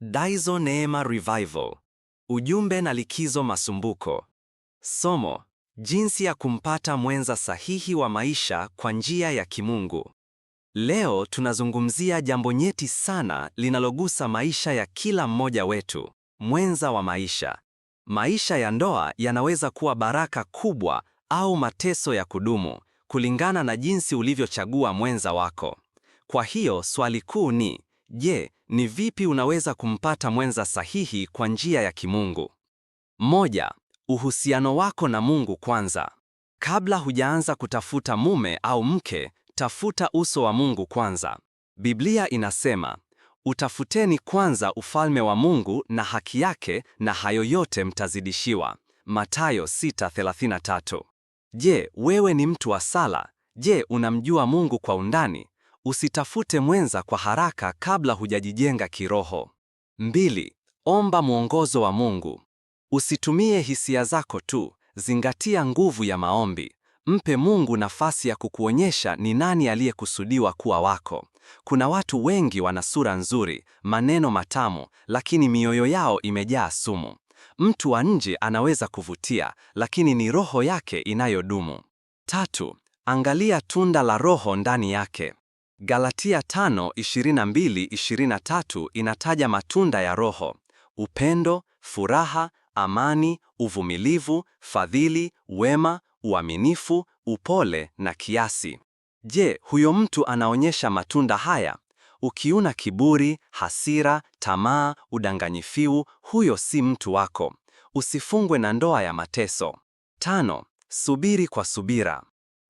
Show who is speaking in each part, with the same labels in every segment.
Speaker 1: Daizo Neema Revival. Ujumbe na likizo masumbuko. Somo: jinsi ya kumpata mwenza sahihi wa maisha kwa njia ya kimungu. Leo tunazungumzia jambo nyeti sana linalogusa maisha ya kila mmoja wetu, mwenza wa maisha. Maisha ya ndoa yanaweza kuwa baraka kubwa au mateso ya kudumu, kulingana na jinsi ulivyochagua mwenza wako. Kwa hiyo swali kuu ni je, ni vipi unaweza kumpata mwenza sahihi kwa njia ya kimungu. Moja, uhusiano wako na Mungu kwanza. Kabla hujaanza kutafuta mume au mke, tafuta uso wa Mungu kwanza. Biblia inasema, utafuteni kwanza ufalme wa Mungu na haki yake na hayo yote mtazidishiwa. Mathayo 6:33. Je, wewe ni mtu wa sala? Je, unamjua Mungu kwa undani? Usitafute mwenza kwa haraka kabla hujajijenga kiroho. Mbili, omba mwongozo wa Mungu. Usitumie hisia zako tu, zingatia nguvu ya maombi. Mpe Mungu nafasi ya kukuonyesha ni nani aliyekusudiwa kuwa wako. Kuna watu wengi wana sura nzuri, maneno matamu, lakini mioyo yao imejaa sumu. Mtu wa nje anaweza kuvutia, lakini ni roho yake inayodumu. Tatu, angalia tunda la Roho ndani yake. Galatia 5:22-23 inataja matunda ya Roho: upendo, furaha, amani, uvumilivu, fadhili, wema, uaminifu, upole na kiasi. Je, huyo mtu anaonyesha matunda haya? Ukiuna kiburi, hasira, tamaa, udanganyifu, huyo si mtu wako. Usifungwe na ndoa ya mateso. Tano, subiri kwa subira.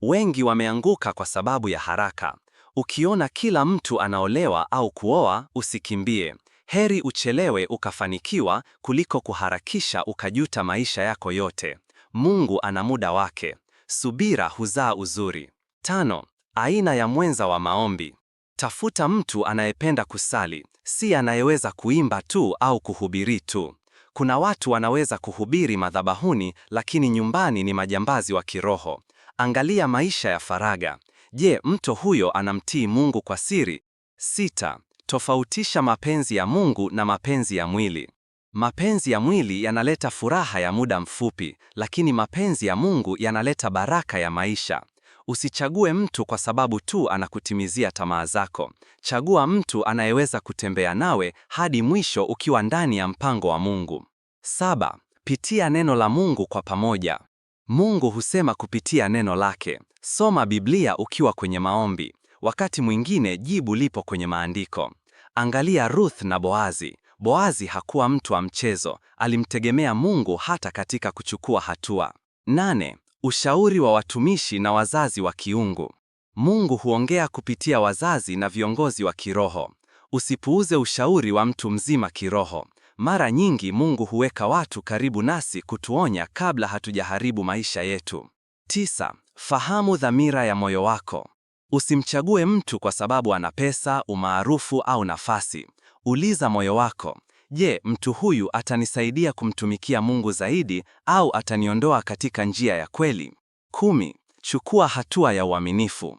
Speaker 1: Wengi wameanguka kwa sababu ya haraka. Ukiona kila mtu anaolewa au kuoa, usikimbie. Heri uchelewe ukafanikiwa kuliko kuharakisha ukajuta maisha yako yote. Mungu ana muda wake. Subira huzaa uzuri. Tano, aina ya mwenza wa maombi. Tafuta mtu anayependa kusali, si anayeweza kuimba tu au kuhubiri tu. Kuna watu wanaweza kuhubiri madhabahuni, lakini nyumbani ni majambazi wa kiroho. Angalia maisha ya Faraga. Je, mto huyo anamtii Mungu kwa siri? Sita, tofautisha mapenzi ya Mungu na mapenzi ya mwili. Mapenzi ya mwili yanaleta furaha ya muda mfupi, lakini mapenzi ya Mungu yanaleta baraka ya maisha. Usichague mtu kwa sababu tu anakutimizia tamaa zako. Chagua mtu anayeweza kutembea nawe hadi mwisho ukiwa ndani ya mpango wa Mungu. Saba, pitia neno la Mungu kwa pamoja. Mungu husema kupitia neno lake. Soma Biblia ukiwa kwenye maombi. Wakati mwingine jibu lipo kwenye maandiko. Angalia Ruth na Boazi. Boazi hakuwa mtu wa mchezo, alimtegemea Mungu hata katika kuchukua hatua. Nane, ushauri wa watumishi na wazazi wa kiungu. Mungu huongea kupitia wazazi na viongozi wa kiroho. Usipuuze ushauri wa mtu mzima kiroho. Mara nyingi Mungu huweka watu karibu nasi kutuonya kabla hatujaharibu maisha yetu. Tisa, fahamu dhamira ya moyo wako. Usimchague mtu kwa sababu ana pesa, umaarufu au nafasi. Uliza moyo wako, je, mtu huyu atanisaidia kumtumikia Mungu zaidi au ataniondoa katika njia ya kweli? Kumi, chukua hatua ya uaminifu.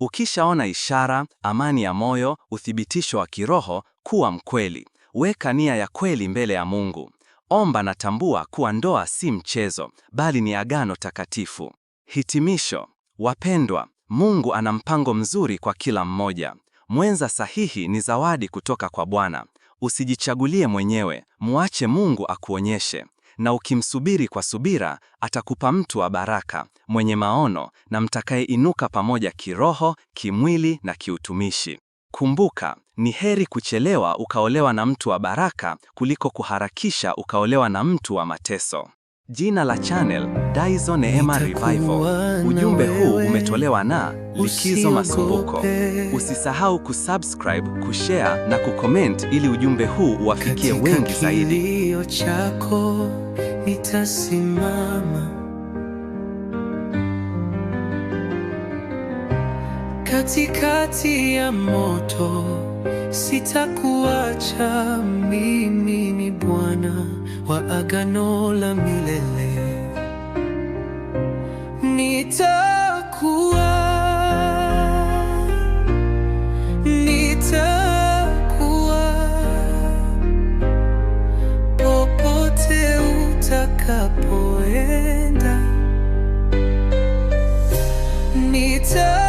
Speaker 1: Ukishaona ishara, amani ya moyo, uthibitisho wa kiroho, kuwa mkweli. Weka nia ya kweli mbele ya Mungu. Omba na tambua kuwa ndoa si mchezo, bali ni agano takatifu. Hitimisho. Wapendwa, Mungu ana mpango mzuri kwa kila mmoja. Mwenza sahihi ni zawadi kutoka kwa Bwana. Usijichagulie mwenyewe, muache Mungu akuonyeshe. Na ukimsubiri kwa subira, atakupa mtu wa baraka, mwenye maono na mtakayeinuka pamoja kiroho, kimwili na kiutumishi. Kumbuka, ni heri kuchelewa ukaolewa na mtu wa baraka kuliko kuharakisha ukaolewa na mtu wa mateso. Jina la channel Daizo Neema Revival. Ujumbe huu umetolewa na Likizo Masumbuko. Usisahau kusubscribe, kushare na kucomment ili ujumbe huu uwafikie wengi zaidi. Kilio chako katikati ya moto, sitakuacha mimi. Ni Bwana wa agano la milele, nitakuwa nitakuwa popote utakapoenda nita